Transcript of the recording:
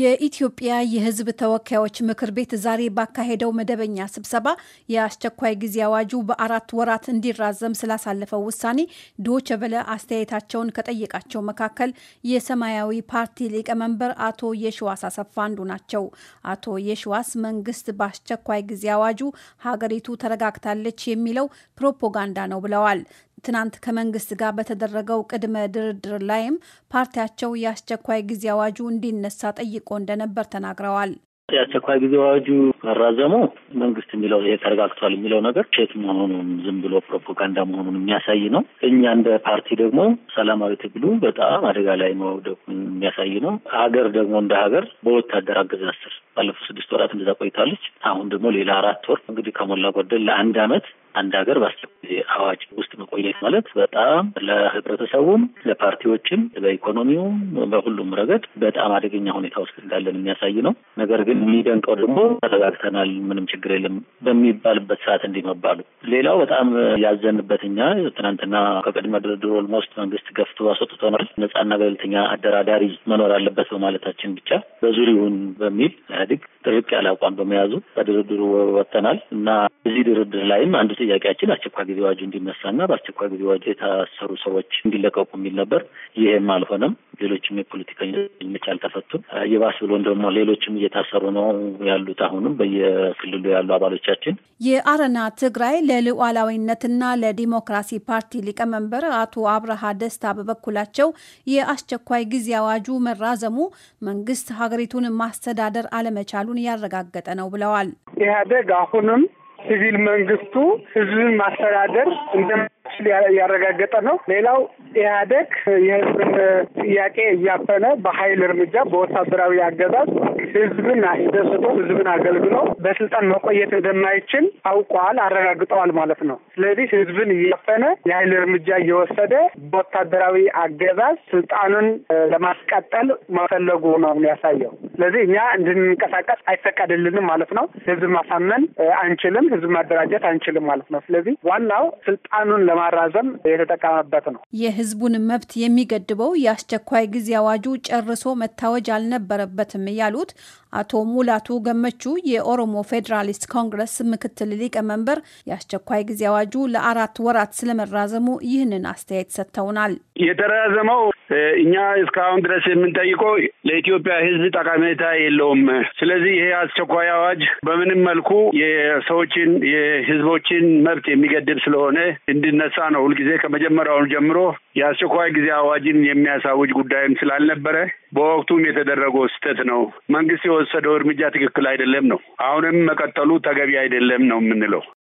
የኢትዮጵያ የሕዝብ ተወካዮች ምክር ቤት ዛሬ ባካሄደው መደበኛ ስብሰባ የአስቸኳይ ጊዜ አዋጁ በአራት ወራት እንዲራዘም ስላሳለፈው ውሳኔ ዶቼ ቬለ አስተያየታቸውን ከጠየቃቸው መካከል የሰማያዊ ፓርቲ ሊቀመንበር አቶ የሽዋስ አሰፋ አንዱ ናቸው። አቶ የሽዋስ መንግስት በአስቸኳይ ጊዜ አዋጁ ሀገሪቱ ተረጋግታለች የሚለው ፕሮፓጋንዳ ነው ብለዋል። ትናንት ከመንግስት ጋር በተደረገው ቅድመ ድርድር ላይም ፓርቲያቸው የአስቸኳይ ጊዜ አዋጁ እንዲነሳ ጠይቆ እንደነበር ተናግረዋል። የአስቸኳይ ጊዜ አዋጁ መራዘሙ መንግስት የሚለው ይሄ ተረጋግቷል የሚለው ነገር ቼክ መሆኑን ዝም ብሎ ፕሮፓጋንዳ መሆኑን የሚያሳይ ነው። እኛ እንደ ፓርቲ ደግሞ ሰላማዊ ትግሉ በጣም አደጋ ላይ መውደቁ የሚያሳይ ነው። ሀገር ደግሞ እንደ ሀገር በወታደር አገዛዝ ስር ባለፉት ስድስት ወራት እንደዛ ቆይታለች። አሁን ደግሞ ሌላ አራት ወር እንግዲህ ከሞላ ጎደል ለአንድ አመት አንድ ሀገር በአስቸኳይ ጊዜ አዋጅ ውስጥ መቆየት ማለት በጣም ለህብረተሰቡም፣ ለፓርቲዎችም፣ በኢኮኖሚውም በሁሉም ረገድ በጣም አደገኛ ሁኔታ ውስጥ እንዳለን የሚያሳይ ነው። ነገር ግን የሚደንቀው ደግሞ ተረጋግተናል፣ ምንም ችግር የለም በሚባልበት ሰዓት እንዲመባሉ። ሌላው በጣም ያዘንበት እኛ ትናንትና ከቅድመ ድርድር ኦልሞስት መንግስት ገፍቶ አስወጥቶናል። ነጻና ገለልተኛ አደራዳሪ መኖር አለበት በማለታችን ብቻ በዙሪውን በሚል ኢህአዴግ ጥርቅ ያለ አቋም በመያዙ ከድርድሩ ወጥተናል እና እዚህ ድርድር ላይም አንዱ ጥያቄያችን አስቸኳይ ጊዜ አዋጁ እንዲነሳና በአስቸኳይ ጊዜ አዋጁ የታሰሩ ሰዎች እንዲለቀቁ የሚል ነበር። ይህም አልሆነም። ሌሎችም የፖለቲከኞች አልተፈቱም። ይባስ ብሎ ደግሞ ሌሎችም እየታሰሩ ነው ያሉት። አሁንም በየክልሉ ያሉ አባሎቻችን የአረና ትግራይ ለሉዓላዊነትና ለዲሞክራሲ ፓርቲ ሊቀመንበር አቶ አብርሃ ደስታ በበኩላቸው የአስቸኳይ ጊዜ አዋጁ መራዘሙ መንግስት ሀገሪቱን ማስተዳደር አለመቻሉን ያረጋገጠ ነው ብለዋል። ኢህአዴግ አሁንም ሲቪል መንግስቱ ህዝብን ማስተዳደር እንደሚችል ያረጋገጠ ነው። ሌላው ኢህአደግ የህዝብን ጥያቄ እያፈነ በኃይል እርምጃ በወታደራዊ አገዛዝ ህዝብን አስደስቶ ህዝብን አገልግሎ በስልጣን መቆየት እንደማይችል አውቀዋል፣ አረጋግጠዋል ማለት ነው። ስለዚህ ህዝብን እያፈነ የሀይል እርምጃ እየወሰደ በወታደራዊ አገዛዝ ስልጣኑን ለማስቀጠል መፈለጉ ነው ያሳየው። ስለዚህ እኛ እንድንንቀሳቀስ አይፈቀድልንም ማለት ነው። ህዝብ ማሳመን አንችልም፣ ህዝብ ማደራጀት አንችልም ማለት ነው። ስለዚህ ዋናው ስልጣኑን ለማራዘም የተጠቀመበት ነው። የህዝቡን መብት የሚገድበው የአስቸኳይ ጊዜ አዋጁ ጨርሶ መታወጅ አልነበረበትም ያሉት አቶ ሙላቱ ገመቹ የኦሮሞ ፌዴራሊስት ኮንግረስ ምክትል ሊቀመንበር የአስቸኳይ ጊዜ አዋጁ ለአራት ወራት ስለመራዘሙ ይህንን አስተያየት ሰጥተውናል። የተራዘመው እኛ እስካሁን ድረስ የምንጠይቀው ለኢትዮጵያ ሕዝብ ጠቀሜታ የለውም። ስለዚህ ይሄ አስቸኳይ አዋጅ በምንም መልኩ የሰዎችን የሕዝቦችን መብት የሚገድብ ስለሆነ እንዲነሳ ነው። ሁልጊዜ ከመጀመሪያውን ጀምሮ የአስቸኳይ ጊዜ አዋጅን የሚያሳውጅ ጉዳይም ስላልነበረ በወቅቱም የተደረገው ስህተት ነው። መንግስት የወሰደው እርምጃ ትክክል አይደለም ነው። አሁንም መቀጠሉ ተገቢ አይደለም ነው የምንለው።